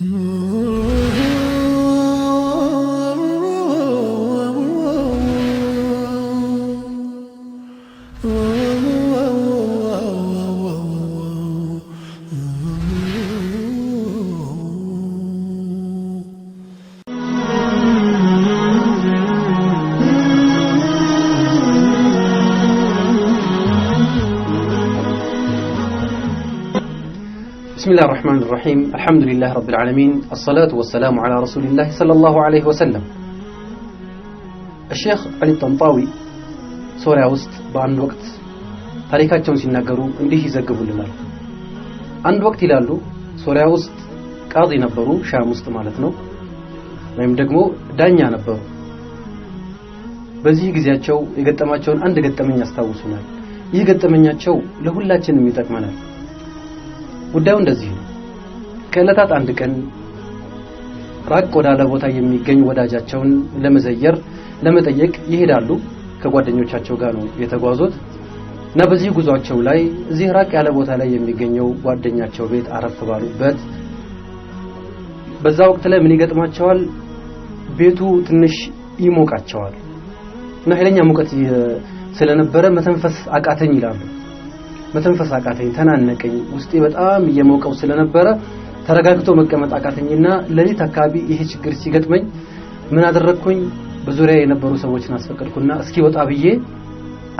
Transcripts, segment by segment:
Mm-hmm. بسم الله الرحمن الرحيم الحمد لله رب العالمين الصلاة والسلام على رسول الله صلى الله عليه وسلم الشيخ علي الطنطاوي ሶሪያ ውስጥ በአንድ ወቅት ታሪካቸውን ሲናገሩ እንዲህ ይዘግቡልናል። አንድ ወቅት ይላሉ ሶሪያ ውስጥ ቃዚ ነበሩ፣ ሻም ውስጥ ማለት ነው፣ ወይም ደግሞ ዳኛ ነበሩ። በዚህ ጊዜያቸው የገጠማቸውን አንድ ገጠመኝ ያስታውሱናል። ይህ ገጠመኛቸው ለሁላችንም ይጠቅመናል። ጉዳዩ እንደዚህ ነው። ከእለታት አንድ ቀን ራቅ ወዳለ ቦታ የሚገኝ ወዳጃቸውን ለመዘየር ለመጠየቅ ይሄዳሉ። ከጓደኞቻቸው ጋር ነው የተጓዙት እና በዚህ ጉዟቸው ላይ እዚህ ራቅ ያለ ቦታ ላይ የሚገኘው ጓደኛቸው ቤት አረፍ ባሉበት በዛ ወቅት ላይ ምን ይገጥማቸዋል? ቤቱ ትንሽ ይሞቃቸዋል እና ኃይለኛ ሙቀት ስለነበረ መተንፈስ አቃተኝ ይላሉ። መተንፈስ አቃተኝ፣ ተናነቀኝ። ውስጤ በጣም እየሞቀው ስለነበረ ተረጋግቶ መቀመጥ አቃተኝና ለሊት አካባቢ ይሄ ችግር ሲገጥመኝ ምን አደረግኩኝ? በዙሪያ የነበሩ ሰዎችን አስፈቀድኩና እስኪ ወጣ ብዬ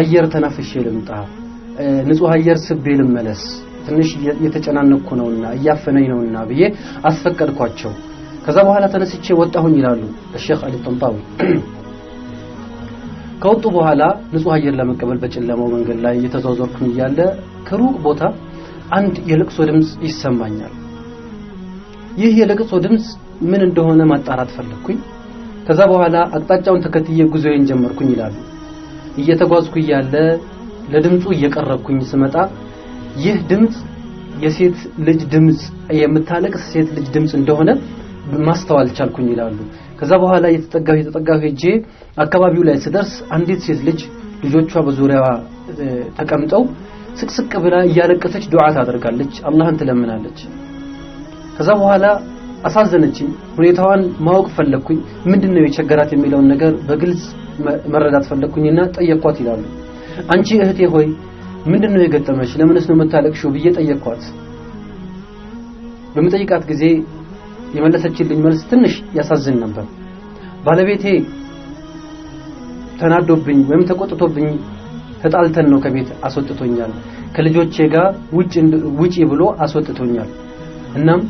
አየር ተናፍሼ ልምጣ፣ ንጹህ አየር ስቤ ልመለስ፣ ትንሽ እየተጨናነኩ ነውና እያፈነኝ ነውና ብዬ አስፈቀድኳቸው። ከዛ በኋላ ተነስቼ ወጣሁኝ ይላሉ ሼክ አሊ ጠንጣዊ ከወጡ በኋላ ንጹህ አየር ለመቀበል በጨለማው መንገድ ላይ እየተዟዟርኩኝ እያለ ከሩቅ ቦታ አንድ የልቅሶ ድምፅ ይሰማኛል። ይህ የልቅሶ ድምፅ ምን እንደሆነ ማጣራት ፈለግኩኝ። ከዛ በኋላ አቅጣጫውን ተከትዬ ጉዞዬን ጀመርኩኝ ይላሉ። እየተጓዝኩ እያለ ለድምፁ እየቀረብኩኝ ስመጣ ይህ ድምፅ የሴት ልጅ ድምፅ የምታለቅስ ሴት ልጅ ድምፅ እንደሆነ ማስተዋል ቻልኩኝ ይላሉ። ከዛ በኋላ የተጠጋሁ የተጠጋሁ ሄጄ አካባቢው ላይ ስደርስ አንዲት ሴት ልጅ ልጆቿ በዙሪያዋ ተቀምጠው ስቅስቅ ብላ እያለቀሰች ዱዓ ታደርጋለች፣ አላህን ትለምናለች። ከዛ በኋላ አሳዘነችኝ። ሁኔታዋን ማወቅ ፈለግኩኝ። ምንድነው የቸገራት የሚለውን ነገር በግልጽ መረዳት ፈለግኩኝና ጠየኳት ይላሉ። አንቺ እህቴ ሆይ ምንድነው የገጠመሽ? ለምንስ ነው የምታለቅሽው? ብዬ ጠየኳት። በምጠይቃት ጊዜ የመለሰችልኝ መልስ ትንሽ ያሳዝን ነበር። ባለቤቴ ተናዶብኝ ወይም ተቆጥቶብኝ ተጣልተን ነው ከቤት አስወጥቶኛል። ከልጆቼ ጋር ውጪ ብሎ አስወጥቶኛል። እናም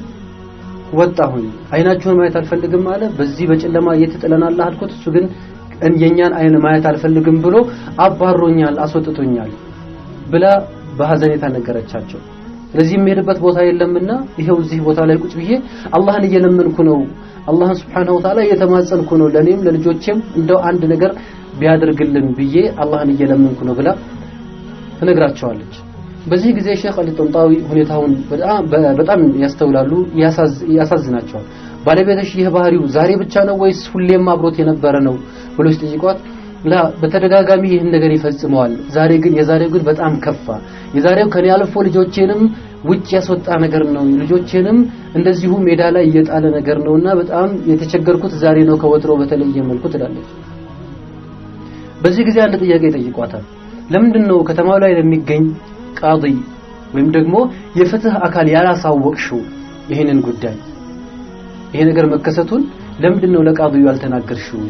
ወጣሁኝ። አይናችሁን ማየት አልፈልግም አለ። በዚህ በጨለማ እየተጥለናል አልኩት። እሱ ግን የኛን አይን ማየት አልፈልግም ብሎ አባሮኛል፣ አስወጥቶኛል ብላ በሐዘኔታ ነገረቻቸው። ስለዚህ የሚሄድበት ቦታ የለምና ይሄው እዚህ ቦታ ላይ ቁጭ ብዬ አላህን እየለመንኩ ነው፣ አላህን ሱብሓነሁ ወተዓላ እየተማጸንኩ ነው፣ ለኔም ለልጆቼም እንደው አንድ ነገር ቢያደርግልን ብዬ አላህን እየለመንኩ ነው ብላ ትነግራቸዋለች። በዚህ ጊዜ ሼክ አሊ ጦንጣዊ ሁኔታውን በጣም ያስተውላሉ፣ ያሳዝናቸዋል። ባለቤተሽ ይህ ባህሪው ዛሬ ብቻ ነው ወይስ ሁሌም አብሮት የነበረ ነው ብሎ ሲጠይቋት በተደጋጋሚ ይህን ነገር ይፈጽመዋል። ዛሬ ግን የዛሬው ግን በጣም ከፋ። የዛሬው ከኔ አልፎ ልጆቼንም ውጭ ያስወጣ ነገር ነው። ልጆቼንም እንደዚሁ ሜዳ ላይ እየጣለ ነገር ነውና በጣም የተቸገርኩት ዛሬ ነው ከወትሮ በተለየ መልኩ ትላለች። በዚህ ጊዜ አንድ ጥያቄ ጠይቋታል። ለምንድን ነው ከተማው ላይ ለሚገኝ ቃዲ ወይም ደግሞ የፍትህ አካል ያላሳወቅሽው ይህንን ጉዳይ ይሄ ነገር መከሰቱን ለምንድን ነው ለቃዲው ያልተናገርሽው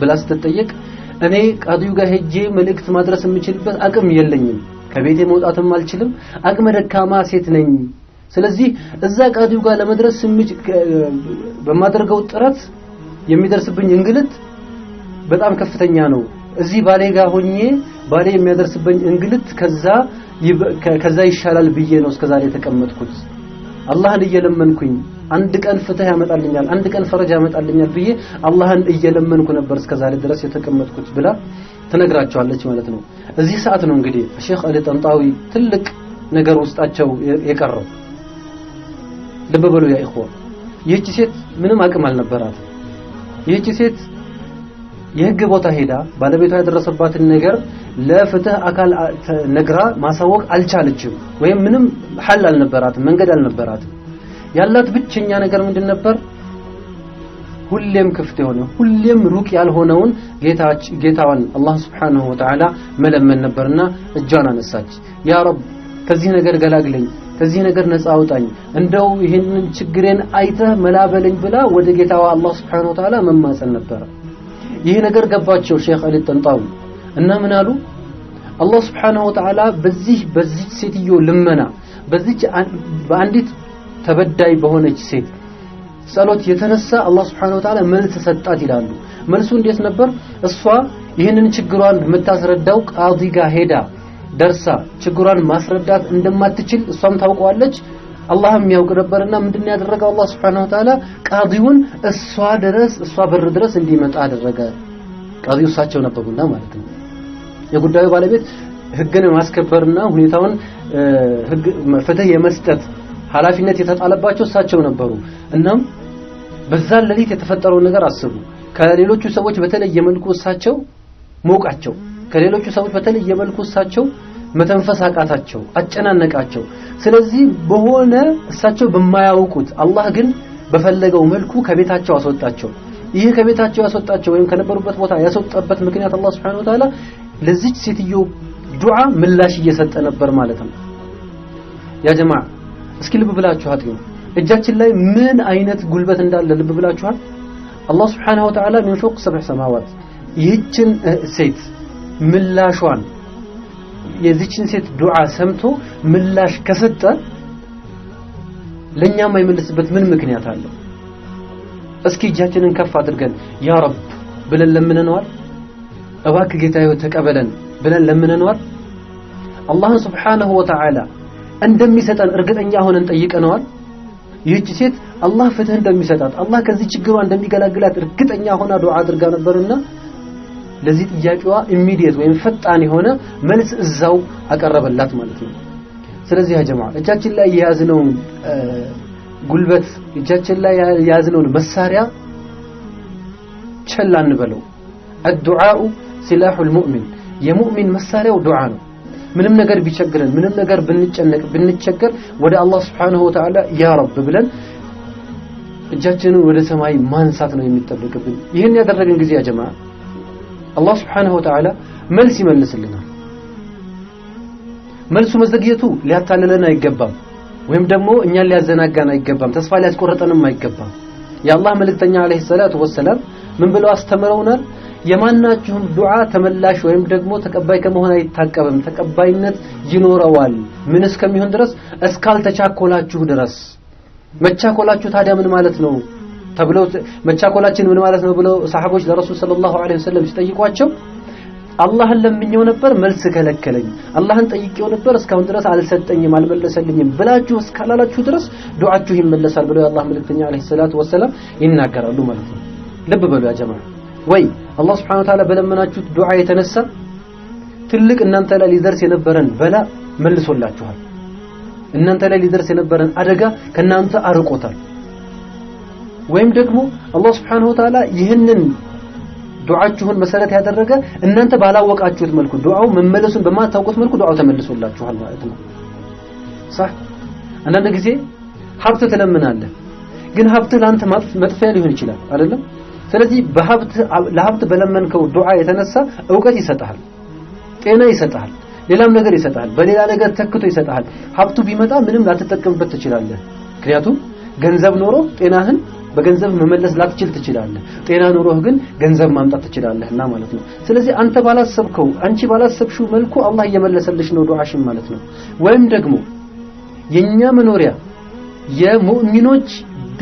ብላ ስትጠየቅ እኔ ቃዲው ጋር ሄጄ መልእክት ማድረስ የምችልበት አቅም የለኝም። ከቤቴ መውጣትም አልችልም። አቅመ ደካማ ሴት ነኝ። ስለዚህ እዛ ቃዲው ጋር ለመድረስ በማደርገው ጥረት የሚደርስብኝ እንግልት በጣም ከፍተኛ ነው። እዚህ ባሌ ጋር ሆኜ ባሌ የሚያደርስብኝ እንግልት ከዛ ከዛ ይሻላል ብዬ ነው እስከዛሬ የተቀመጥኩት አላህን እየለመንኩኝ አንድ ቀን ፍትህ ያመጣልኛል፣ አንድ ቀን ፈረጅ ያመጣልኛል ብዬ አላህን እየለመንኩ ነበር እስከዛሬ ድረስ የተቀመጥኩት ብላ ትነግራቸዋለች ማለት ነው። እዚህ ሰዓት ነው እንግዲህ ሼክ አሊ ጠንጣዊ ትልቅ ነገር ውስጣቸው የቀረው። ልብ በሉ ያ ኢኽዋ፣ ይህቺ ሴት ምንም አቅም አልነበራት። ይህቺ ሴት የህግ ቦታ ሄዳ ባለቤቷ የደረሰባትን ነገር ለፍትህ አካል ነግራ ማሳወቅ አልቻለችም፣ ወይም ምንም ሐል አልነበራትም፣ መንገድ አልነበራትም። ያላት ብቸኛ ነገር ምንድን ነበር? ሁሌም ክፍት የሆነ ሁሌም ሩቅ ያልሆነውን ጌታዋን አላህ ስብሓነሁ ወተዓላ መለመን ነበርና እጇን አነሳች። ያ ረብ ከዚህ ነገር ገላግለኝ፣ ከዚህ ነገር ነፃ አውጣኝ፣ እንደው ይህንን ችግሬን አይተህ መላበለኝ ብላ ወደ ጌታዋ አላህ ስብሓነሁ ወተዓላ መማፀን ነበረ። ይህ ነገር ገባቸው ሼክ አሊ ጠንጣዊ እና ምን አሉ? አላህ ስብሓነሁ ወተዓላ በዚህ በዚህ ሴትዮ ልመና በዚች በአንዲት ተበዳይ በሆነች ሴት ጸሎት የተነሳ አላህ Subhanahu Wa Ta'ala መልስ ሰጣት ይላሉ። መልሱ እንዴት ነበር? እሷ ይህንን ችግሯን የምታስረዳው ቃዲ ጋር ሄዳ ደርሳ ችግሯን ማስረዳት እንደማትችል እሷም ታውቀዋለች፣ አላህም ያውቅ ነበርና ምንድነው ያደረገው? አላህ Subhanahu Wa Ta'ala ቃዲውን እሷ ድረስ እሷ በር ድረስ እንዲመጣ አደረገ። ቃዲው እሳቸው ነበሩና ማለት ነው። የጉዳዩ ባለቤት ህግን ማስከበርና ሁኔታውን ፍትህ የመስጠት ኃላፊነት የተጣለባቸው እሳቸው ነበሩ። እናም በዛ ሌሊት የተፈጠረውን ነገር አስቡ። ከሌሎቹ ሰዎች በተለየ መልኩ እሳቸው ሞቃቸው፣ ከሌሎቹ ሰዎች በተለየ መልኩ እሳቸው መተንፈስ አቃታቸው፣ አጨናነቃቸው። ስለዚህ በሆነ እሳቸው በማያውቁት አላህ ግን በፈለገው መልኩ ከቤታቸው አስወጣቸው። ይህ ከቤታቸው ያስወጣቸው ወይም ከነበሩበት ቦታ ያስወጣበት ምክንያት አላህ ሱብሓነሁ ወተዓላ ለዚች ሴትዮ ዱዓ ምላሽ እየሰጠ ነበር ማለት ነው ያ ጀማዓ እስኪ ልብ ብላችሁ አጥዩ። እጃችን ላይ ምን አይነት ጉልበት እንዳለ ልብ ብላችኋል። አላህ ሱብሓነሁ ወተዓላ ሚን ፎቅ ሰብዕ ሰማዋት ይህችን ሴት ምላሿን የዚችን ሴት ዱዓ ሰምቶ ምላሽ ከሰጠ ለኛ የማይመልስበት ምን ምክንያት አለው? እስኪ እጃችንን ከፍ አድርገን ያ ረብ ብለን ለምነነዋል? እባክህ ጌታዬ ተቀበለን ብለን ለምነነዋል? አላህን ሱብሓነሁ ወተዓላ እንደሚሰጠን እርግጠኛ ሆነን ጠይቀነዋል። ይህች ሴት አላህ ፍትህ እንደሚሰጣት አላህ ከዚህ ችግሯ እንደሚገላግላት እርግጠኛ ሆና ዱዓ አድርጋ ነበርና ለዚህ ጥያቄዋ ኢሚዲየት ወይም ፈጣን የሆነ መልስ እዛው አቀረበላት ማለት ነው። ስለዚህ ጀማ እጃችን ላይ የያዝነውን ጉልበት እጃችን ላይ የያዝነውን መሳሪያ ቸል አንበለው። አዱዓኡ ሲላሑል ሙእሚን የሙእሚን መሳሪያው ዱዓ ነው። ምንም ነገር ቢቸግረን ምንም ነገር ብንጨነቅ ብንቸገር ወደ አላህ Subhanahu Wa Ta'ala ያ ረብ ብለን እጃችንን ወደ ሰማይ ማንሳት ነው የሚጠበቅብን። ይህን ያደረግን ጊዜ ያ አላህ Subhanahu Wa Ta'ala መልስ ይመልስልናል። መልሱ መዘግየቱ ሊያታልለን አይገባም፣ ወይም ደግሞ እኛን ሊያዘናጋን አይገባም፣ ተስፋ ሊያስቆረጠንም አይገባም። የአላህ መልእክተኛ አለይሂ ሰላቱ ወሰላም ምን ብለው አስተምረውናል? የማናችሁም ዱዓ ተመላሽ ወይም ደግሞ ተቀባይ ከመሆን አይታቀብም። ተቀባይነት ይኖረዋል። ምን እስከሚሆን ድረስ? እስካልተቻኮላችሁ ድረስ። መቻኮላችሁ ታዲያ ምን ማለት ነው ተብለው መቻኮላችን ምን ማለት ነው ብለው ሰሐቦች ለረሱል ሰለላሁ ዐለይሂ ወሰለም ሲጠይቋቸው አላህን ለምኘው ነበር መልስ ከለከለኝ፣ አላህን ጠይቄው ነበር እስካሁን ድረስ አልሰጠኝም፣ አልመለሰልኝም ብላችሁ እስካላላችሁ ድረስ ዱዓችሁ ይመለሳል ብለው የአላህ መልእክተኛ ዐለይሂ ሰላቱ ወሰላም ይናገራሉ ማለት ነው። ልብ በሉ ጀማዓ ወይ አላህ ስብሐነሁ ወተዓላ በለመናችሁት ዱዓ የተነሳ ትልቅ እናንተ ላይ ሊደርስ የነበረን በላ መልሶላችኋል። እናንተ ላይ ሊደርስ የነበረን አደጋ ከእናንተ አርቆታል። ወይም ደግሞ አላህ ስብሐነሁ ወተዓላ ይህንን ዱዓችሁን መሰረት ያደረገ እናንተ ባላወቃችሁት መልኩ ዱዓው መመለሱን በማታውቁት መልኩ ዱዓው ተመልሶላችኋል ማለት ነው። ሳህ አንዳንድ ጊዜ ሀብት ትለምናለህ፣ ግን ሀብት ለአንተ መጥፊያ ሊሆን ይችላል አይደለም ስለዚህ በሀብት ለሀብት በለመንከው ዱዓ የተነሳ እውቀት ይሰጣል፣ ጤና ይሰጣል፣ ሌላም ነገር ይሰጣል፣ በሌላ ነገር ተክቶ ይሰጣል። ሀብቱ ቢመጣ ምንም ላትጠቀምበት ትችላለህ። ምክንያቱም ገንዘብ ኖሮ ጤናህን በገንዘብ መመለስ ላትችል ትችላለህ። ጤና ኑሮህ ግን ገንዘብ ማምጣት ትችላለህና ማለት ነው። ስለዚህ አንተ ባላሰብከው፣ አንቺ ባላሰብሽው መልኩ አላህ እየመለሰልሽ ነው ዱዓሽን ማለት ነው። ወይም ደግሞ የኛ መኖሪያ የሙእሚኖች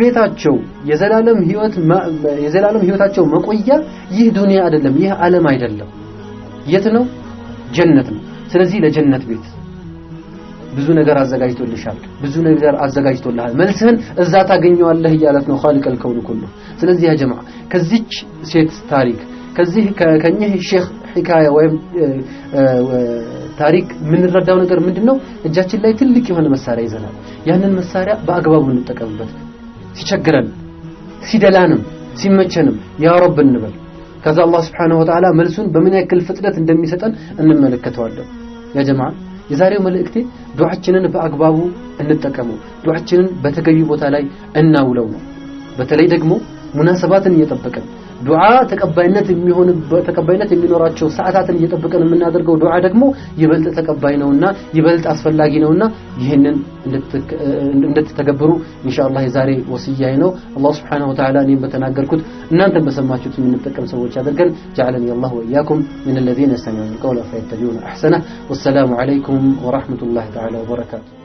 ቤታቸው የዘላለም ህይወት የዘላለም ህይወታቸው መቆያ ይህ ዱንያ አይደለም፣ ይህ ዓለም አይደለም። የት ነው? ጀነት ነው። ስለዚህ ለጀነት ቤት ብዙ ነገር አዘጋጅቶልሻል፣ ብዙ ነገር አዘጋጅቶልሃል፣ መልስህን እዛ ታገኘዋለህ እያለት ነው خالق الكون كله። ስለዚህ ያ ጀማዓ ከዚች ሴት ታሪክ ከዚህ ከእኚህ ሼክ ሂካያ ወይም ታሪክ የምንረዳው ነገር ምንድን ነው? እጃችን ላይ ትልቅ የሆነ መሳሪያ ይዘናል። ያንን መሳሪያ በአግባቡ እንጠቀምበት። ሲቸግረን ሲደላንም ሲመቸንም ያ ረብ እንበል። ከዛ አላህ ሱብሓነሁ ወተዓላ መልሱን በምን ያክል ፍጥነት እንደሚሰጠን እንመለከተዋለን። ያ ጀማዓ የዛሬው መልእክቴ ዱዓችንን በአግባቡ እንጠቀመው፣ ዱዓችንን በተገቢ ቦታ ላይ እናውለው ነው። በተለይ ደግሞ ሙናሰባትን እየጠበቀን ዱዓ ተቀባይነት የሚሆን ተቀባይነት የሚኖራቸው ሰዓታትን እየጠበቀን የምናደርገው ዱዓ ደግሞ ይበልጥ ተቀባይ ነውና ይበልጥ አስፈላጊ ነውና ይህንን እንድትተገብሩ ኢንሻአላህ የዛሬ ወስያዬ ነው። አላህ ሱብሓነሁ ወተዓላ እኔም በተናገርኩት እናንተም በሰማችሁት የምንጠቀም ሰዎች አድርገን ጀዐለኒ አላህ ወኢያኩም ሚነል ለዚነ የስተሚዑነ አልቀውለ ፈየተቢዑነ አሕሰነህ። ወሰላሙ ዐለይኩም ወረሕመቱላሂ ተዓላ ወበረካቱ